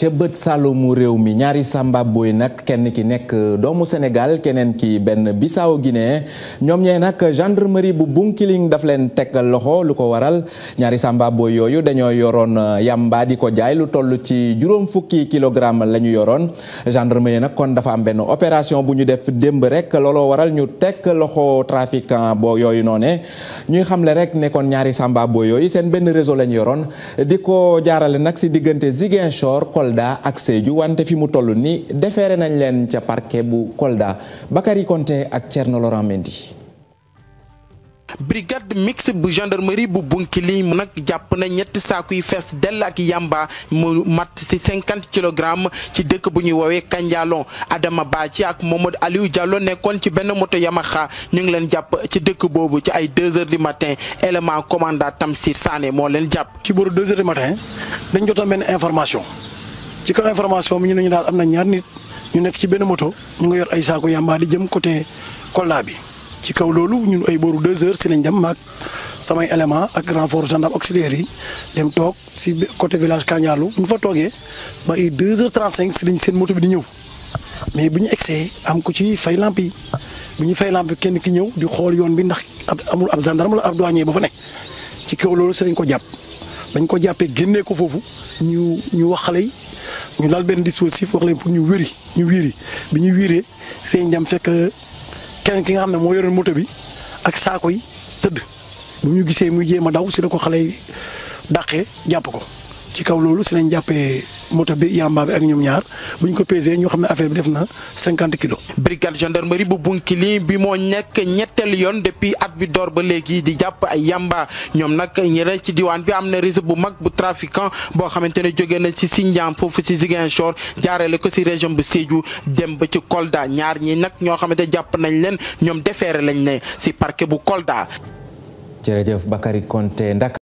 ca bët sàllumu réew mi ñaari samba boy nag kenn ki nekk doomu Sénégal keneen ki benn Bissau Guinée ñoom ñee nag gendarmerie bu Bunkiling daf leen teg loxo lu ko waral ñaari samba yooyu dañoo yoroon uh, yamba di ko jaay lu toll ci juróom fukki kilogramme la ñu yoroon gendarmerie nag kon dafa am benn opération bu ñu def démb rek looloo waral ñu teg loxo trafiquant bo yooyu noone ñuy xamle rek ne ñaari samba yooyu seen benn réseau la ñu yoroon di ko jaarale nag si diggante Ziguinchor Kolda ak Sédhiou wante fi mu toll ni defeere nañ leen ca parquet bu Kolda Bakary ak Thierno Laurent Mendy brigade mixte bu gendarmerie bu Bounkiling mu nag jàpp na ñett saaku yi fees dell ak yamba mu mat ci cinquante kilogramme ci dëkk bu ñuy woowee Kanjaalon Adama ci ak Mamadou Aliou Diallo nekkoon ci benn moto Yamaha ñu ngi leen jàpp ci dëkk boobu ci ay deux heures du matin élément commandant Tamsir Sané moo leen jàpp. ci booru deux heures du matin dañ jotoon information. ci ca information bi ñu ne ñu daal am na ñaar nit ñu nekk ci benn moto ñu nga yor ay saako yamba di jëm côté Kolda bi ci kaw loolu ñun ay booru deux heures si lañ dem maag samay élément ak renfort gendarme auxiliaire yi dem toog si côté village Kandialu ñu fa toogee ba ay deux cinq si lañ seen moto bi di ñëw mais bu ñu egsee am ko ci fay lamp yi bu ñu fay lamp kenn ki ñëw di xool yoon bi ndax amul ab gendarme ab douanier ba fa nekk ci kaw loolu si lañ ko jàpp dañ ko jàppee génnee ko foofu ñu ñu wax xale yi ñu laal benn dispositif wax leen pour ñu wéri ñu wiiri bi ñu wiiree seen njam fekk kenn ki nga xam ne moo yoroon moto bi ak saako yi tëdd bu ñu gisee muy jéem a daw si la ko xale yi dàqee jàpp ko ci kaw loolu si lañ jàppee moto bi yamba bi ak ñoom ñaar bu ñu ko pesé ñoo xam ne affaire bi def na cinquante kilos. brigade gendarmerie bu Bounkiling bi moo nekk ñetteel yoon depuis at bi door ba léegi di jàpp ay yamba ñoom nag ñeneen ci diwaan bi am na réseau bu mag bu trafiquant boo xamante ne jóge na ci Sindian foofu ci Ziguinchor jaarale ko ci région bu Sédhiou dem ba ci Kolda ñaar ñi nag ñoo xamante jàpp nañ leen ñoom defeere lañ ne ci parke bu Kolda. jërëjëf Bakary konte Ndak